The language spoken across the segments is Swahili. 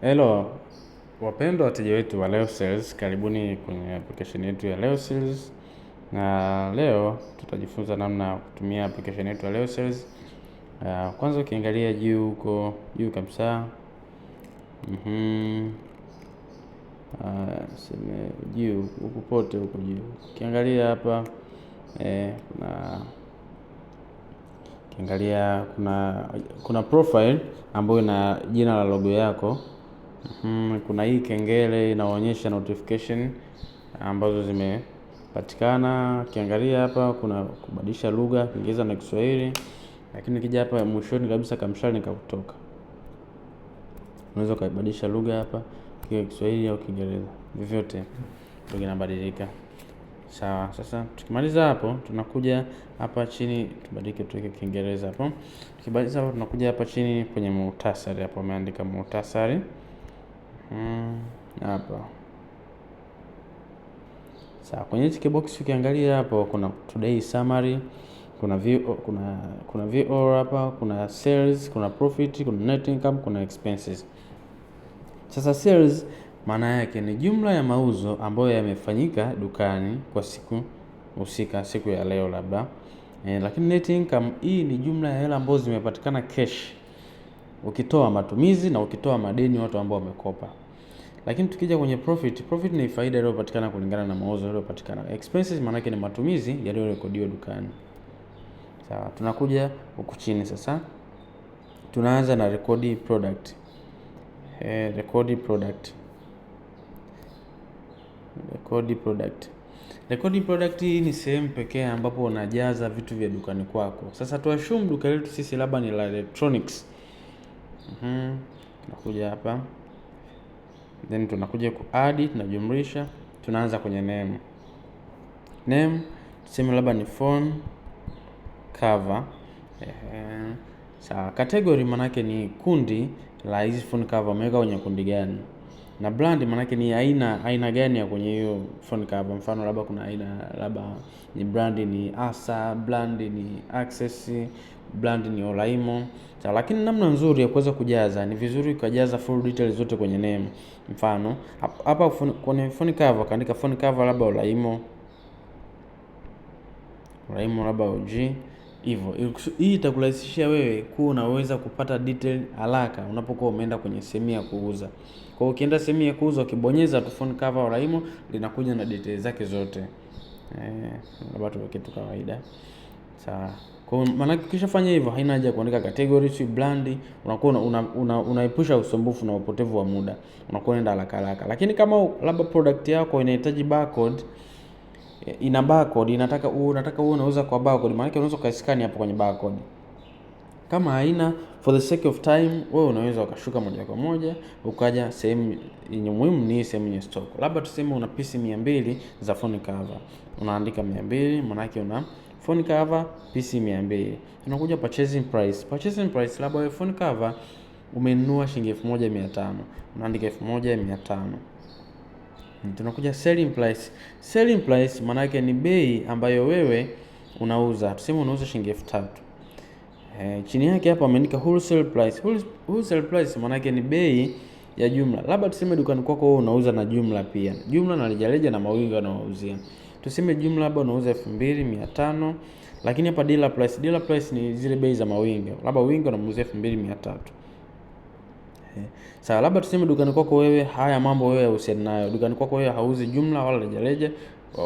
Hello wapendwa wateja wetu wa Sales, karibuni kwenye application yetu ya Sales. na leo tutajifunza namna ya kutumia application yetu ya Sales. Uh, kwanza ukiangalia juu huko juu kabisa mm-hmm. Uh, ah, sema juu huko pote huko juu ukiangalia hapa eh, kuna ukiangalia kuna kuna profile ambayo ina jina la logo yako Mm, kuna hii kengele inaonyesha notification ambazo zimepatikana. Ukiangalia hapa kuna kubadilisha lugha Kiingereza na Kiswahili, lakini kija hapa mwishoni kabisa kamshale nikakutoka, unaweza ukaibadilisha lugha hapa, kiwa Kiswahili au Kiingereza, vyovyote lugha inabadilika. Sawa, sasa tukimaliza hapo tunakuja hapa chini tubadilike tuweke Kiingereza hapo. Tukimaliza hapo tunakuja hapa chini kwenye muhtasari hapo, ameandika muhtasari Mm, hapa Sawa, kwenye hichi box ukiangalia hapo kuna today summary, kuna view, kuna kuna VO hapa, kuna sales, kuna profit, kuna net income, kuna expenses. Sasa sales maana yake ni jumla ya mauzo ambayo yamefanyika dukani kwa siku husika, siku ya leo labda e, lakini net income hii ni jumla ya hela ambazo zimepatikana cash, ukitoa matumizi na ukitoa madeni watu ambao wamekopa. Lakini tukija kwenye profit, profit ni faida iliyopatikana kulingana na mauzo yaliyopatikana. Expenses maana yake ni matumizi yaliyorekodiwa dukani. Sawa, tunakuja huku chini sasa. Tunaanza na rekodi product. Eh, rekodi product. Rekodi product. Rekodi product hii ni sehemu pekee ambapo unajaza vitu vya dukani kwako. Sasa tuashumu duka letu sisi labda ni la electronics. Mhm. Tunakuja hapa then tunakuja add, tunajumlisha, tunaanza kwenye name. Name tuseme labda ni phone cover. Ehe. Sawa, category manake ni kundi la hizi phone cover, ameweka kwenye kundi gani, na brand manake ni aina aina gani ya kwenye hiyo phone cover. Mfano labda kuna aina labda ni brand ni Asa, brand ni Access, brand ni Oraimo. Sawa, lakini namna nzuri ya kuweza kujaza ni vizuri ukajaza full details zote kwenye name. Mfano hapa kwenye phone cover kaandika phone cover labda Oraimo. Oraimo labda OG hivyo. Hii itakurahisishia wewe kuwa unaweza kupata detail haraka unapokuwa umeenda kwenye sehemu ya kuuza. Kwa hiyo ukienda sehemu ya kuuza ukibonyeza tu phone cover Oraimo linakuja na details zake zote. Eh, labda tuweke tu kawaida. Sawa. Kwa maana ukishafanya hivyo haina haja ya kuandika category si brand, unakuwa una, una, una unaepusha usumbufu na upotevu wa muda. Unakuwa unaenda haraka haraka. Lakini kama labda product yako inahitaji barcode ina barcode inataka uwe unataka uwe unauza kwa barcode, maana yake unaweza ukaiskani hapo kwenye barcode. Kama haina for the sake of time, wewe unaweza ukashuka moja kwa moja ukaja sehemu yenye muhimu, ni sehemu yenye stock. Labda tuseme una piece 200 za phone cover, unaandika 200 maana yake una phone cover PC 200. Tunakuja purchasing price. Purchasing price labda wewe phone cover umenunua shilingi 1500, unaandika 1500. Tunakuja selling price. Selling price maana yake ni bei ambayo wewe unauza. Tuseme unauza shilingi 3000. Eh, chini yake hapa ameandika wholesale price. Wholesale price maana yake ni bei ya jumla. Labda tuseme dukani kwako wewe unauza na jumla pia. Jumla na rejareja na mawinga unaouzia tuseme jumla labda unauza 2500 lakini hapa dealer price, dealer price ni zile bei za mawingi, labda wingi unamuuzia 2300 eh. Sasa labda tuseme dukani kwako wewe haya mambo wewe husiani nayo. Dukani kwako wewe hauzi jumla wala rejareja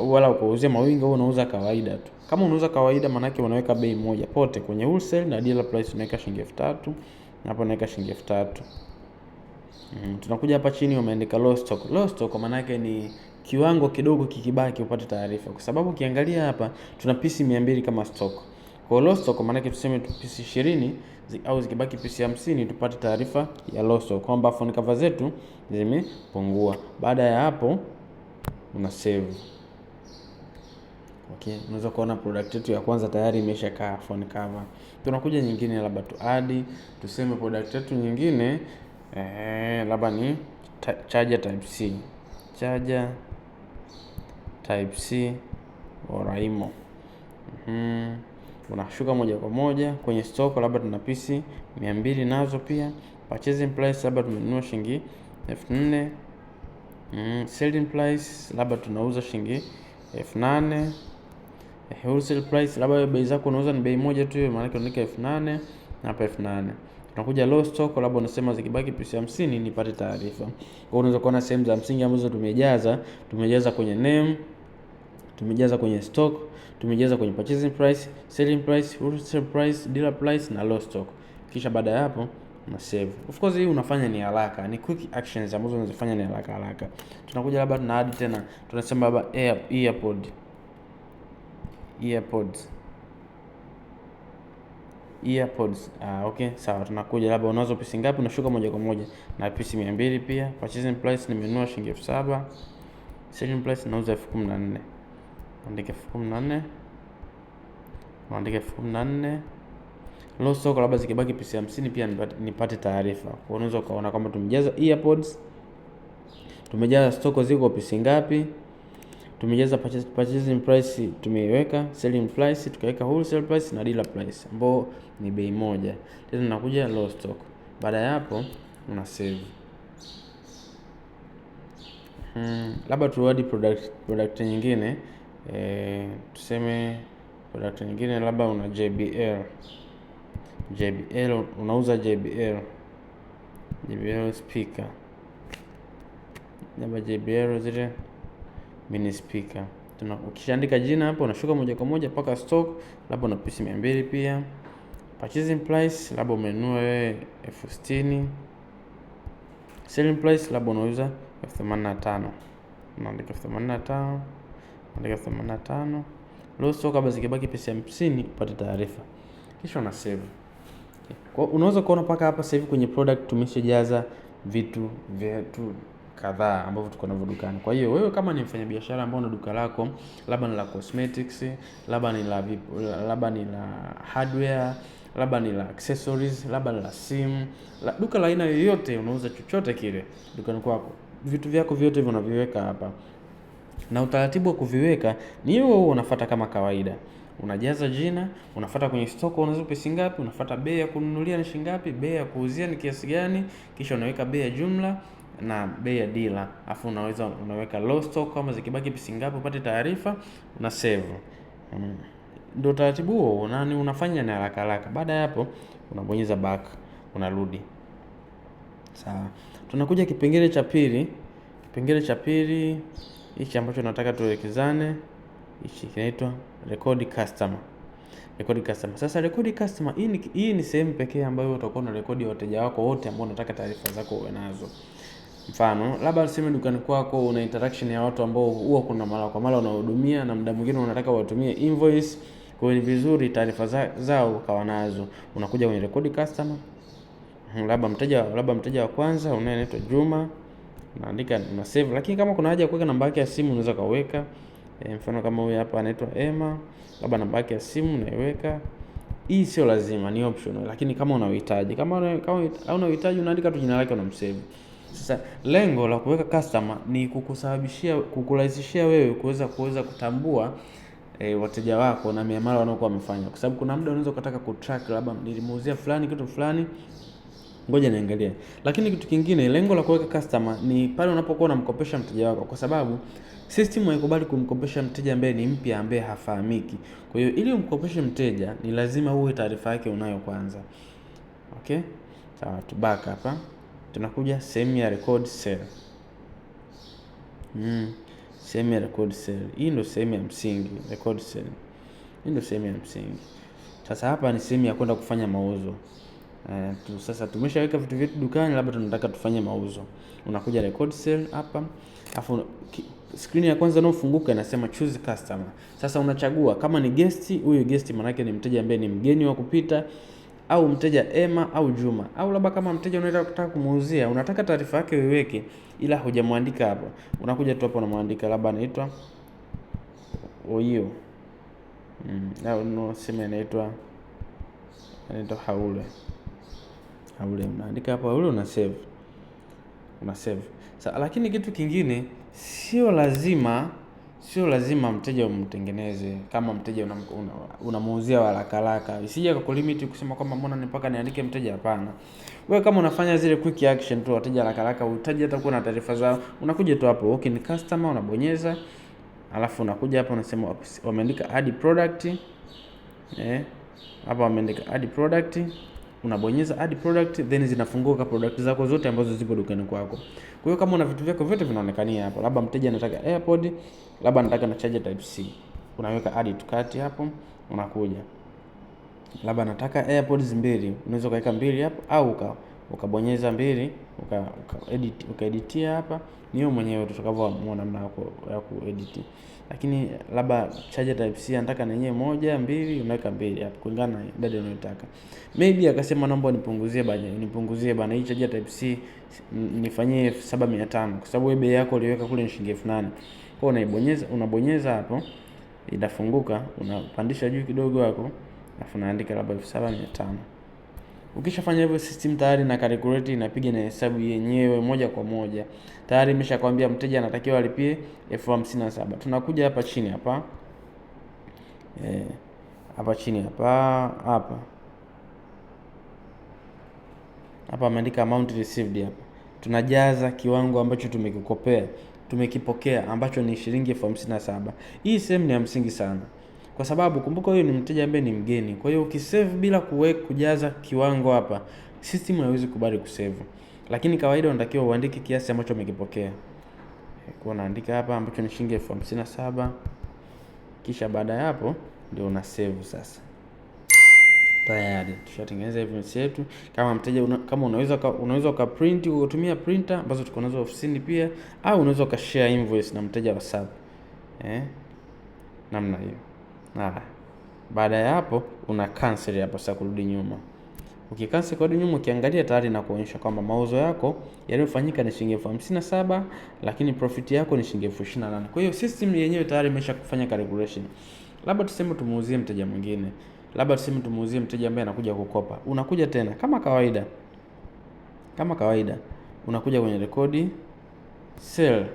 wala ukauzia mawingi, wewe unauza kawaida tu. Kama unauza kawaida, maanake unaweka bei moja pote kwenye wholesale na dealer price, unaweka shilingi 3000 na hapo unaweka shilingi 3000 Mm, tunakuja hapa chini, umeandika low stock. Low stock maanake ni kiwango kidogo kikibaki upate taarifa, kwa sababu ukiangalia hapa tuna pisi 200 kama stock. Kwa low stock maana yake tuseme tu pisi 20 au zikibaki pisi 50 tupate taarifa ya low stock kwamba phone cover zetu zimepungua. Baada ya hapo una save. Okay, unaweza kuona product yetu ya kwanza tayari imesha kaa phone cover. Tunakuja nyingine, labda tu add tuseme product yetu nyingine eh, labda ni charger type C charger type C Oraimo. Mm-hmm. Unashuka moja kwa moja kwenye stoko, labda tuna PC mia nazo pia. Purchasing price labda tumenunua shilingi elfu nne. Mm, selling price labda tunauza shilingi elfu nane. Wholesale price labda bei zako unauza ni bei moja tu, maana yake unaandika elfu nane na hapa elfu nane. Tunakuja low stock, labda unasema zikibaki pisi hamsini nipate taarifa. Kwa hiyo unaweza kuona sehemu za msingi ambazo tumejaza, tumejaza kwenye name tumejaza kwenye stock, tumejaza kwenye purchasing price, selling price, wholesale price, dealer price na low stock. Kisha baada ya hapo na save. Of course hii unafanya ni haraka, ni quick actions ambazo unazifanya ni haraka haraka. Tunakuja labda tuna add tena, tunasema labda air, earpod earpods earpods. Ah, okay sawa, tunakuja labda unazo pisi ngapi? Unashuka moja kwa moja na pisi 200 pia. Purchasing price nimenunua shilingi 7000. Selling price nauza 14000 andike elfu kumi andike elfu kumi na soko lost labda zikibaki pisi hamsini pia nipate taarifa. Kwa unaweza ukaona kwamba tumejaza earpods, tumejaza stoko ziko pisi ngapi, tumejaza purchasing price, tumeiweka selling price, tukaweka wholesale price na dealer price, ambao ni bei moja. Tena nakuja low stock. Baada ya hapo una save. Hmm, labda tuadi product, product nyingine e, tuseme product nyingine labda una JBL JBL unauza JBL JBL speaker labda JBL zile mini speaker tuna, ukishaandika jina hapo unashuka moja kwa moja mpaka stock, labda una pisi mia mbili pia. Purchasing price labda umenunua wewe elfu sitini selling price labda unauza elfu themanini na tano unaandika elfu themanini na tano andika 85 loso, kabla zikibaki pesa hamsini upate taarifa, kisha una save. Kwa unaweza kuona paka hapa sasa hivi kwenye product tumeshajaza vitu vyetu kadhaa ambavyo tuko navyo dukani. Kwa hiyo wewe kama ni mfanyabiashara ambao una duka lako, labda ni la cosmetics, labda ni la labda ni la hardware, labda ni la accessories, labda ni la simu, la duka la aina yoyote, unauza chochote kile dukani kwako, vitu vyako vyote vinaviweka hapa na utaratibu wa kuviweka ni huo huo unafuata kama kawaida. Unajaza jina, unafuata kwenye stoko unauza pesa ngapi, unafuata bei ya kununulia ni shilingi ngapi, bei ya kuuzia ni kiasi gani, kisha unaweka bei ya jumla na bei ya dila, afu unaweza unaweka low stock kama zikibaki pesa ngapi upate taarifa na save. Mm. Ndio taratibu huo na ni unafanya na haraka haraka. Baada ya hapo unabonyeza back, unarudi. Sawa. Tunakuja kipengele cha pili. Kipengele cha pili hichi ambacho nataka tuwekezane hichi kinaitwa record customer. Record customer. Sasa record customer hii ni, hii ni sehemu pekee ambayo utakuwa na record ya wateja wako wote ambao unataka taarifa zako uwe nazo. Mfano, labda useme dukani kwako una interaction ya watu ambao huwa kuna mara kwa mara unahudumia na muda mwingine unataka watumie invoice. Kwa hiyo ni vizuri taarifa za, zao ukawa nazo. Unakuja kwenye record customer. Labda mteja labda mteja wa kwanza unaye anaitwa Juma unaandika una save, lakini kama kuna haja ya kuweka namba yake ya simu unaweza kaweka. E, mfano kama huyu hapa anaitwa Emma, labda namba yake ya simu naiweka. Hii sio lazima, ni optional, lakini kama unahitaji, kama hauna uhitaji unaandika tu jina lake unamsave. Sasa lengo la kuweka customer ni kukusababishia, kukurahisishia wewe kuweza kuweza kutambua e, wateja wako na miamala wanaokuwa wamefanya, kwa sababu kuna muda unaweza ukataka kutrack, labda nilimuuzia fulani kitu fulani ngoja niangalie. Lakini kitu kingine, lengo la kuweka customer ni pale unapokuwa unamkopesha mteja wako, kwa sababu system haikubali kumkopesha mteja ambaye ni mpya, ambaye hafahamiki. Kwa hiyo ili umkopeshe mteja, ni lazima uwe taarifa yake unayo kwanza. Okay, sawa. tu back hapa, tunakuja sehemu ya record sale. Mm, sehemu ya record sale hii ndio sehemu ya msingi. Record sale hii ndio sehemu ya msingi. Sasa hapa ni sehemu ya kwenda kufanya mauzo. Eh, tu, sasa tumeshaweka vitu vyetu dukani, labda tunataka tufanye mauzo. Unakuja record sale hapa, afu screen ya kwanza inayofunguka inasema choose customer. Sasa unachagua kama ni guest, huyu guest maana ni mteja ambaye ni mgeni wa kupita au mteja Emma au Juma au labda kama mteja unaweza kutaka kumuuzia, unataka taarifa yake uiweke, ila hujamwandika hapo. Unakuja tu hapo na mwandika labda anaitwa Oyo, mmm, au no, sema inaitwa anaitwa Haule na ule unaandika hapa, ule una save, una save. Sa, lakini kitu kingine sio lazima sio lazima mteja umtengeneze kama mteja unamuuzia una, una haraka haraka, isije kukulimit kusema kwamba mbona ni mpaka niandike mteja. Hapana, we kama unafanya zile quick action tu wateja haraka haraka, uhitaji hata kuwa na taarifa zao. Unakuja tu hapo, okay, ni customer, unabonyeza alafu unakuja hapa unasema wameandika add product eh, hapa wameandika add product unabonyeza add product, then zinafunguka product zako zote ambazo zipo dukani kwako. Kwa hiyo kama una vitu vyako vyote vinaonekania hapo, labda mteja anataka AirPod, labda anataka na charger type C, unaweka add to cart hapo, unakuja labda nataka AirPods mbili, unaweza ukaweka mbili hapo au uka ukabonyeza mbili ukaeditia uka uka hapa, niyo mwenyewe tutakavyoona namna ya kuedit lakini labda charger type C anataka na yeye moja mbili, unaweka mbili hapo kulingana na idadi unayotaka. Maybe akasema naomba nipunguzie bana, nipunguzie bana, hii charger type C nifanyie 7500 kwa sababu wewe bei yako uliweka kule ni shilingi 8000. Kwa hiyo unaibonyeza, unabonyeza hapo inafunguka, unapandisha juu kidogo hapo, alafu unaandika labda 7500. Ukishafanya hivyo, system tayari na calculate inapiga na hesabu yenyewe moja kwa moja. Tayari imeshakwambia mteja anatakiwa alipie elfu hamsini na saba. Tunakuja hapa chini hapa eh, hapa chini hapa hapa hapa ameandika amount received hapa, tunajaza kiwango ambacho tumekikopea tumekipokea ambacho ni shilingi elfu hamsini na saba. Hii sehemu ni ya msingi sana kwa sababu kumbuka huyu ni mteja ambaye ni mgeni. Kwa hiyo ukisave bila kuwe kujaza kiwango hapa, system haiwezi kubali kusave, lakini kawaida unatakiwa uandike kiasi ambacho umekipokea. Kwa naandika hapa ambacho ni shilingi elfu hamsini na saba kisha baada ya hapo ndio una save sasa. Tayari tushatengeneza events yetu. Kama mteja una, kama unaweza unaweza ukaprint ukatumia printer ambazo tuko nazo ofisini pia, au unaweza ukashare invoice na mteja wa WhatsApp eh, namna hiyo. Ah. Baada ya hapo una cancel hapo sasa kurudi nyuma. Ukikansel kurudi nyuma ukiangalia tayari kuonyesha kwamba mauzo yako yaliyofanyika ni shilingi elfu hamsini na saba lakini profit yako ni shilingi elfu ishirini na nane. Kwa hiyo system yenyewe tayari imesha kufanya calculation. Labda tuseme tumuuzie mteja mwingine. Labda tuseme tumuuzie mteja ambaye anakuja kukopa. Unakuja tena kama kawaida. Kama kawaida unakuja kwenye rekodi sell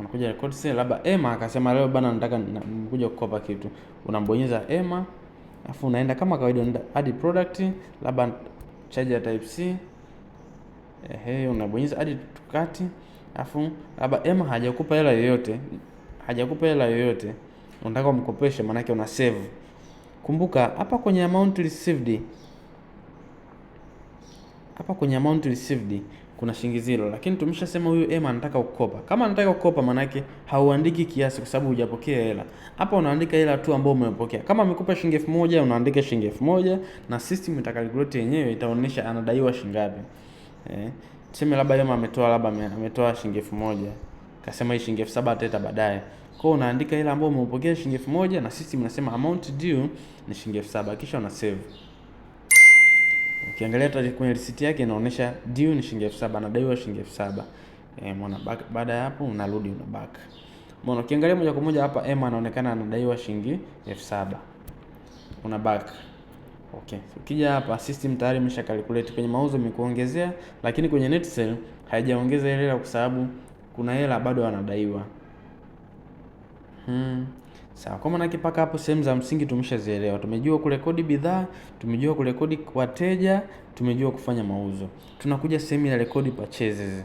unakuja record sasa, labda Emma akasema leo bana, nataka nikuja kukopa kitu, unambonyeza Emma afu unaenda kama kawaida, unaenda add product, labda charger type C. Ehe, unabonyeza add to cart, afu labda Emma hajakupa hela yoyote, hajakupa hela yoyote, unataka umkopeshe, maana yake una save. Kumbuka hapa kwenye amount received, hapa kwenye amount received kuna shingizilo, lakini tumeshasema huyu ema anataka kukopa. Kama anataka kukopa, maanake hauandiki kiasi, kwa sababu hujapokea hela. Hapa unaandika hela tu ambayo umepokea. Kama amekupa shilingi elfu moja unaandika shilingi elfu moja na system itakalkulate yenyewe, itaonyesha anadaiwa shilingi Eh, tuseme labda ema ametoa labda ametoa shilingi elfu moja kasema hii shilingi elfu saba ataleta baadaye. Kwa hiyo unaandika hela ambayo umepokea shilingi elfu moja na system inasema amount due ni shilingi elfu saba kisha una save. Ukiangalia kwenye risiti yake inaonyesha due ni shilingi elfu saba anadaiwa shilingi elfu saba E, baada ya hapo unarudi unabaka. Mbona ukiangalia moja kwa moja hapa Emma anaonekana anadaiwa shilingi elfu saba unabaka. Okay. Ukija hapa system tayari imesha calculate kwenye mauzo imekuongezea, lakini kwenye net sale haijaongeza ile hela kwa sababu kuna hela bado anadaiwa. Hmm. Sawa, kwa maana mpaka hapo sehemu za msingi tumeshazielewa. Tumejua kurekodi bidhaa, tumejua kurekodi wateja, tumejua kufanya mauzo. Tunakuja sehemu ya rekodi purchases.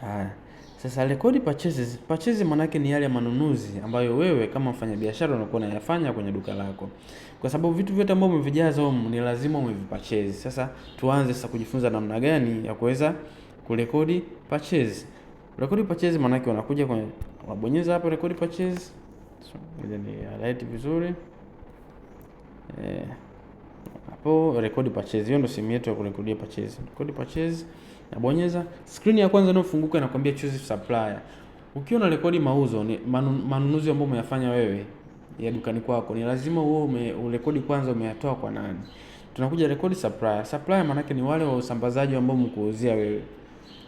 Haya. Sasa rekodi purchases, purchases maana yake ni yale manunuzi ambayo wewe kama mfanyabiashara unakuwa unayafanya kwenye duka lako. Kwa sababu vitu vyote ambavyo umevijaza huko ni lazima umevipurchase. Sasa tuanze sasa kujifunza namna gani ya kuweza kurekodi purchases. Rekodi purchases maana yake unakuja kwenye unabonyeza hapa record purchase. Ngoja ni highlight vizuri eh, hapo record purchase. Hiyo ndio simu yetu ya kurekodia purchase. Record purchase, nabonyeza. Screen ya kwanza inayofunguka inakwambia choose supplier. Ukiwa na unarekodi mauzo ni manunuzi ambayo umeyafanya wewe ya dukani kwako ni lazima uwe ume urekodi kwanza umeyatoa kwa nani. Tunakuja rekodi supplier. Supplier maana ni wale wa usambazaji ambao mkuuzia wewe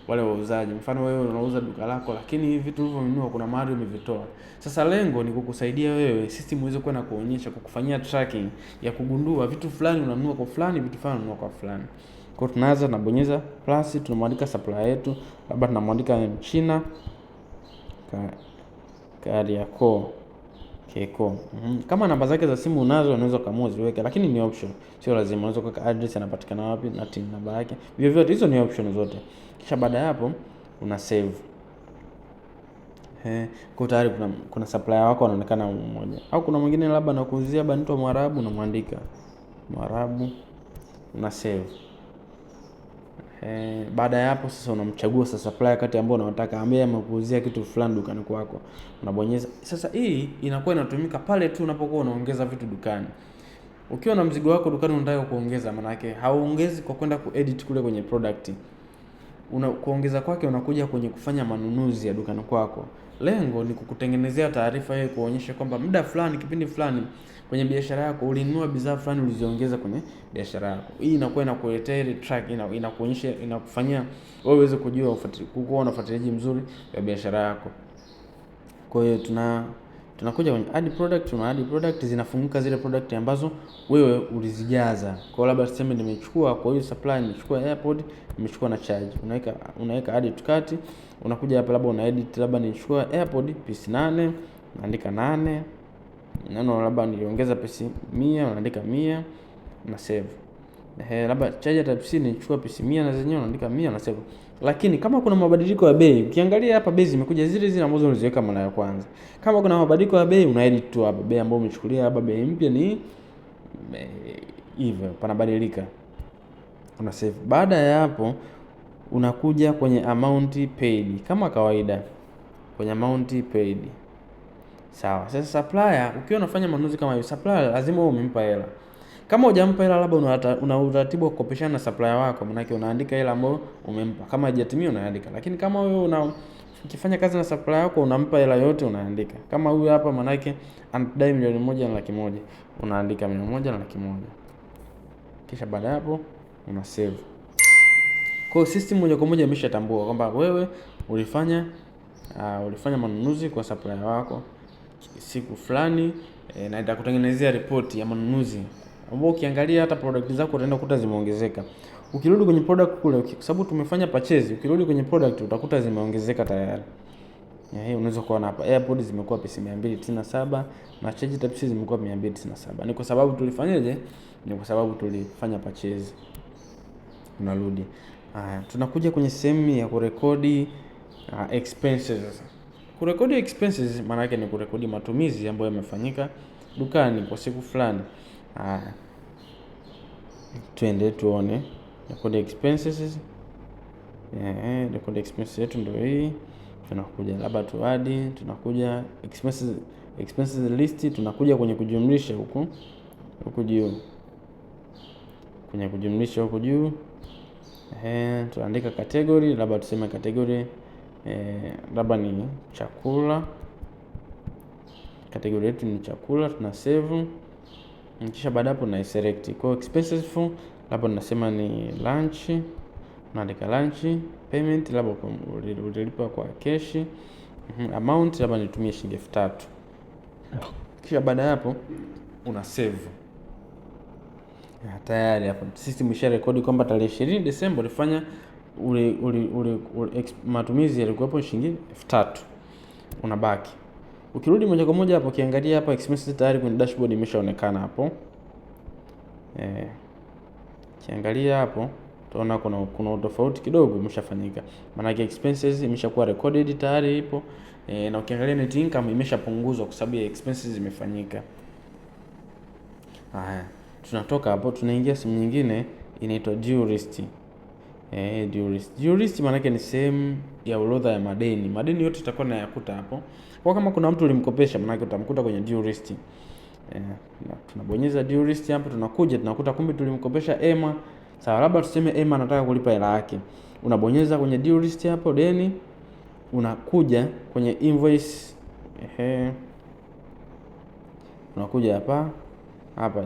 wale wauzaji. Mfano wewe unauza duka lako, lakini hivi vitu ulivyonunua kuna mahali umevitoa. Sasa lengo ni kukusaidia wewe system iweze kuwa na kuonyesha, kukufanyia tracking ya kugundua vitu fulani unanunua kwa fulani, vitu fulani unanunua kwa fulani. Kwa hiyo tunaanza tunabonyeza plus, tunamwandika supplier yetu, labda tunamwandika China Kariakoo. Keko. Mm -hmm. Kama namba zake za simu unazo unaweza kamua ziweke, lakini ni option, sio lazima. Unaweza kuweka address, anapatikana wapi na TIN namba yake, vivyo vyote, hizo ni option zote. Kisha baada ya hapo una save eh, kwa tayari kuna, kuna supplier wako anaonekana mmoja au kuna mwingine labda anakuuzia bantu wa Mwarabu, unamwandika Mwarabu, una save. E, baada ya hapo sasa unamchagua sasa supplier kati ambao unataka ambaye amekuuzia kitu fulani dukani kwako. Unabonyeza. Sasa hii inakuwa inatumika pale tu unapokuwa unaongeza vitu dukani. Ukiwa na mzigo wako dukani unataka kuongeza, maana yake hauongezi kwa kwenda kuedit kule kwenye product. Una kuongeza kwake unakuja kwenye kufanya manunuzi ya dukani kwako. Lengo ni kukutengenezea taarifa hiyo kuonyesha kwamba muda fulani, kipindi fulani kwenye biashara yako, ulinunua bidhaa fulani uliziongeza kwenye biashara yako. Hii inakuwa inakuletea ile track, inakuonyesha, ina inakufanyia wewe uweze kujua kuwa na ufuatiliaji mzuri wa biashara yako. Kwa hiyo tuna tunakuja kwenye add product, tuna add product, zinafunguka zile product ambazo wewe ulizijaza. Kwa hiyo labda tuseme nimechukua, kwa hiyo supply nimechukua airpod, nimechukua na charge. Unaweka unaweka add to cart, unakuja hapa labda una edit, labda nilichukua airpod piece 8, naandika 8 neno labda niliongeza PC 100 unaandika 100 na save. Eh, labda charger type C nichukua PC 100 na zenyewe unaandika 100 na save. Lakini kama kuna mabadiliko ya bei, ukiangalia hapa bei zimekuja zile zile ambazo uliziweka mara ya kwanza. Kama kuna mabadiliko ya bei una edit tu hapa bei ambayo umechukulia hapa bei mpya ni eh, hivyo panabadilika, una save. Baada ya hapo unakuja kwenye amount paid kama kawaida, kwenye amount paid Sawa. Sasa supplier ukiwa unafanya manunuzi kama hiyo, supplier lazima wewe umempa hela. Kama hujampa hela, labda una utaratibu wa kukopeshana na supplier wako, maana yake unaandika hela ambayo umempa. Kama hajatimia unaandika. Lakini kama wewe una ukifanya kazi na supplier yako unampa hela yote unaandika. Kama huyu hapa maana yake anadai milioni moja na laki moja, unaandika milioni moja na laki moja. Kisha baada ya hapo una save. Kwa hiyo system moja kwa moja imeshatambua kwamba wewe ulifanya uh, ulifanya manunuzi kwa supplier wako siku fulani e, na itakutengenezea ripoti ya manunuzi ambao ukiangalia hata product zako utaenda kukuta zimeongezeka. Ukirudi kwenye product kule, kwa sababu tumefanya purchase, ukirudi kwenye product utakuta zimeongezeka tayari. Yeah, hii unaweza kuona hapa AirPods zimekuwa pesi 297 na charge type C zimekuwa 297. Ni kwa sababu tulifanyaje? Ni kwa sababu tulifanya purchase. Tunarudi. Haya, tunakuja kwenye sehemu ya kurekodi uh, expenses sasa. Kurekodi expenses maana yake ni kurekodi matumizi ambayo yamefanyika dukani kwa siku fulani. Haya, tuende tuone record expenses. Eh, record expenses yetu ndio hii. Tunakuja labda tuadi, tunakuja expenses expenses list, tunakuja kwenye kujumlisha huku huku juu, kwenye kujumlisha huku juu. Eh, tunaandika category, labda tuseme category E, labda ni chakula, kategoria yetu ni chakula, tuna save kisha baada hapo na select. Kwa expenses labda tunasema ni lunch, naandika lunch payment, labda ulilipa kwa keshi mhm, amount, labda nitumie shilingi elfu tatu kisha baada hapo una save tayari. Hapo system isharekodi kwamba tarehe 20 Desemba ulifanya ule, ule, ule, ule matumizi yalikuwepo shilingi elfu tatu unabaki. Ukirudi moja kwa moja hapo ukiangalia hapa expenses tayari kwenye dashboard imeshaonekana hapo. Eh, kiangalia hapo tunaona kuna kuna tofauti kidogo imeshafanyika. Maana yake expenses imeshakuwa recorded tayari ipo. E, na ukiangalia net income imeshapunguzwa kwa sababu ya expenses zimefanyika. Haya, tunatoka hapo tunaingia simu nyingine inaitwa Duelist eh, due list. Due list maana yake ni sehemu ya orodha ya madeni. Madeni yote utakuwa unayakuta hapo. Kwa kama kuna mtu ulimkopesha, maana yake utamkuta kwenye due list. Eh, tunabonyeza due list hapo, tunakuja tunakuta kumbe tulimkopesha Emma. Sawa, labda tuseme Emma anataka kulipa hela yake. Unabonyeza kwenye due list hapo deni, unakuja kwenye invoice. Ehe. Unakuja hapa hapa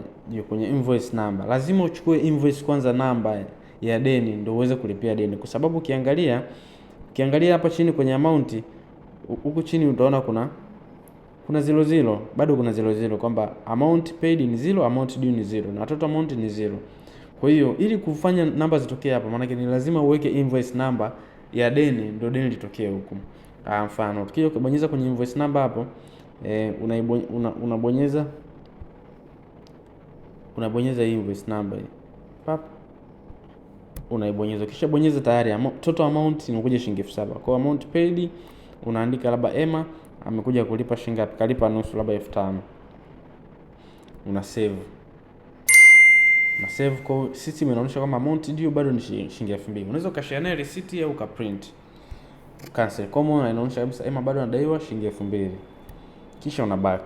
kwenye invoice number. Lazima uchukue invoice kwanza namba ya deni ndio uweze kulipia deni, kwa sababu ukiangalia ukiangalia hapa chini kwenye amount huku chini utaona kuna kuna zero zero, bado kuna zero zero, kwamba amount paid ni zero, amount due ni zero na total amount ni zero. Kwa hiyo ili kufanya namba zitokee hapa, maana ni lazima uweke invoice number ya deni ndio deni litokee huku. Ah, mfano tukija kubonyeza kwenye invoice number hapo e, unabonyeza una unabonyeza invoice number hii pap unaibonyeza. Kisha bonyeza tayari total amount inakuja shilingi elfu saba. Kwa amount paid unaandika labda Emma amekuja kulipa shilingi ngapi? Kalipa nusu labda elfu tano. Una save. Na save kwa system inaonyesha kama amount ndio bado ni shilingi elfu mbili. Unaweza ukashare naye receipt au ukaprint. Cancel. Kwa maana inaonyesha kabisa Emma bado anadaiwa shilingi elfu mbili. Kisha back.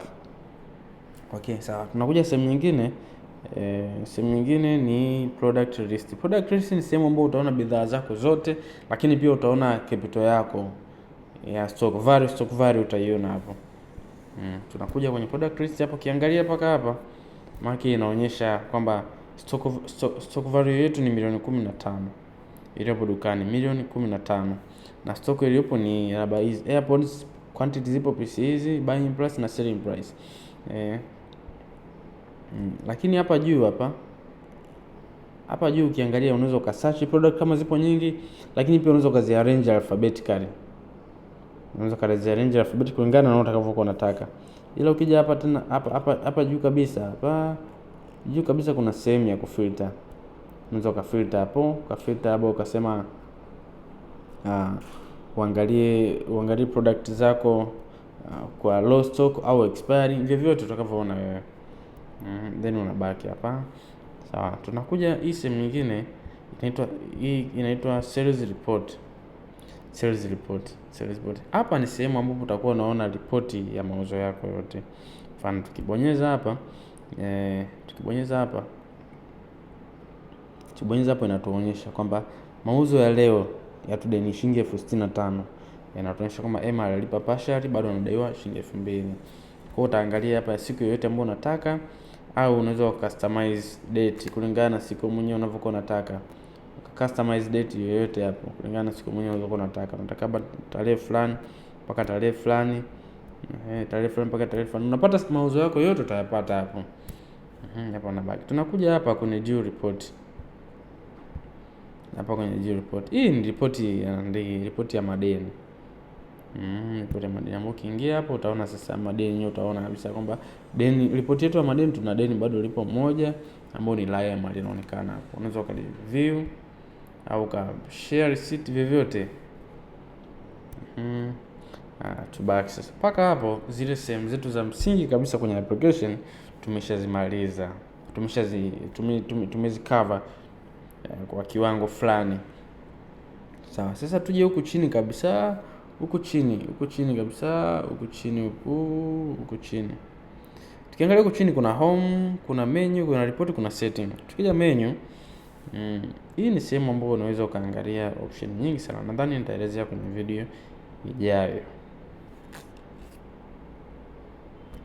Okay, sawa. Tunakuja sehemu nyingine E, sehemu nyingine ni product list. Product list ni sehemu ambayo utaona bidhaa zako zote, lakini pia utaona capital yako ya stock value. Stock value utaiona hapo. Mm, tunakuja kwenye product list hapo, kiangalia paka hapa maki inaonyesha kwamba stock, stock, stock value yetu ni milioni 15 iliyopo dukani milioni 15 na stock iliyopo ni raba hizi AirPods, quantity zipo pieces hizi, buying price na selling price eh. Mm, lakini hapa juu hapa hapa juu ukiangalia unaweza ukasearch product kama zipo nyingi, lakini pia unaweza ukaziarrange alphabetically. Unaweza ukaziarrange alphabetically kulingana na utakavyokuwa unataka. Ila ukija hapa tena hapa hapa hapa juu kabisa hapa juu kabisa kuna sehemu ya kufilter. Unaweza ukafilter hapo, ukafilter hapo ukasema ah, uangalie uangalie product zako uh, kwa low stock au expiry, vyovyote utakavyoona wewe. uh. Mhm, then unabaki hapa sawa. Tunakuja hii sehemu nyingine inaitwa hii inaitwa sales report. Sales report, sales report. Hapa ni sehemu ambapo utakuwa unaona ripoti ya mauzo yako yote. Mfano tukibonyeza hapa eh, tukibonyeza hapa tukibonyeza hapo inatuonyesha kwamba mauzo ya leo ya today ni shilingi elfu sitini na tano yanatuonyesha kwamba Emma alilipa pashari bado anadaiwa shilingi elfu mbili. Kwa hiyo utaangalia hapa siku yoyote ambayo unataka au unaweza ukacustomize date kulingana na siku mwenyewe unavyokuwa unataka. Customize date yoyote hapo kulingana na siku mwenyewe unavyokuwa unataka. Unataka tarehe fulani mpaka tarehe fulani, eh, tarehe fulani mpaka tarehe fulani. Unapata mauzo yako yote utayapata hapo. Mhm, hapo baki Tunakuja hapa kwenye due report. Hapa kwenye due report. Hii ni report ya ripoti ya madeni. Mm, ripoti madeni ambayo ukiingia hapo utaona sasa madeni yenyewe, utaona kabisa kwamba deni, ripoti yetu ya madeni tuna deni bado lipo moja ambayo ni lime inaonekana hapo. Unaweza ukali view au ka share receipt vyovyote. Mm. Ah, tubaki sasa mpaka hapo, zile sehemu zetu za msingi kabisa kwenye application tumeshazimaliza, tumeshazi tumezicover eh, kwa kiwango fulani. Sawa, sasa tuje huku chini kabisa huku chini, huku chini kabisa, huku chini, huku huku chini. Tukiangalia huku chini kuna home, kuna menu, kuna report, kuna setting. Tukija menu mm, hii ni sehemu ambayo unaweza ukaangalia option nyingi sana. Nadhani nitaelezea kwenye video ijayo.